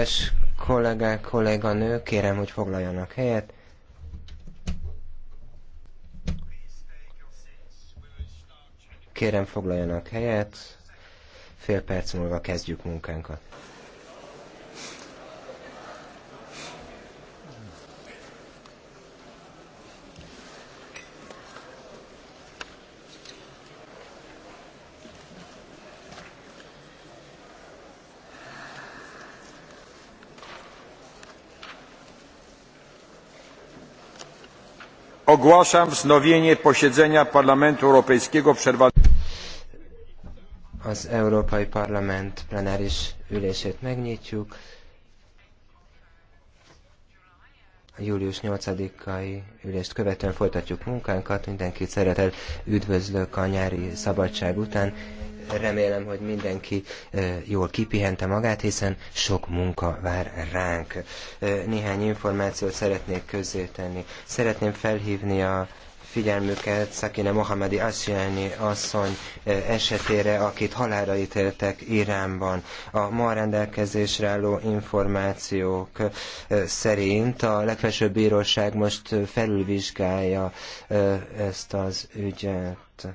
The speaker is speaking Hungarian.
Kedves kollégák, kolléganők, kérem, hogy foglaljanak helyet. Kérem, foglaljanak helyet. Fél perc múlva kezdjük munkánkat. Ogłaszam wznowienie posiedzenia Parlamentu Europejskiego przerwane. Az Európai Parlament plenáris A július 8-ai ülést követően folytatjuk munkánkat. Mindenkit szeretettel üdvözlök a nyári szabadság után. Remélem, hogy mindenki eh, jól kipihente magát, hiszen sok munka vár ránk. Eh, néhány információt szeretnék közzétenni. Szeretném felhívni a figyelmüket Szakine Mohamedi Asjani asszony eh, esetére, akit halára ítéltek Iránban. A ma rendelkezésre álló információk szerint a legfelsőbb bíróság most felülvizsgálja ezt az ügyet.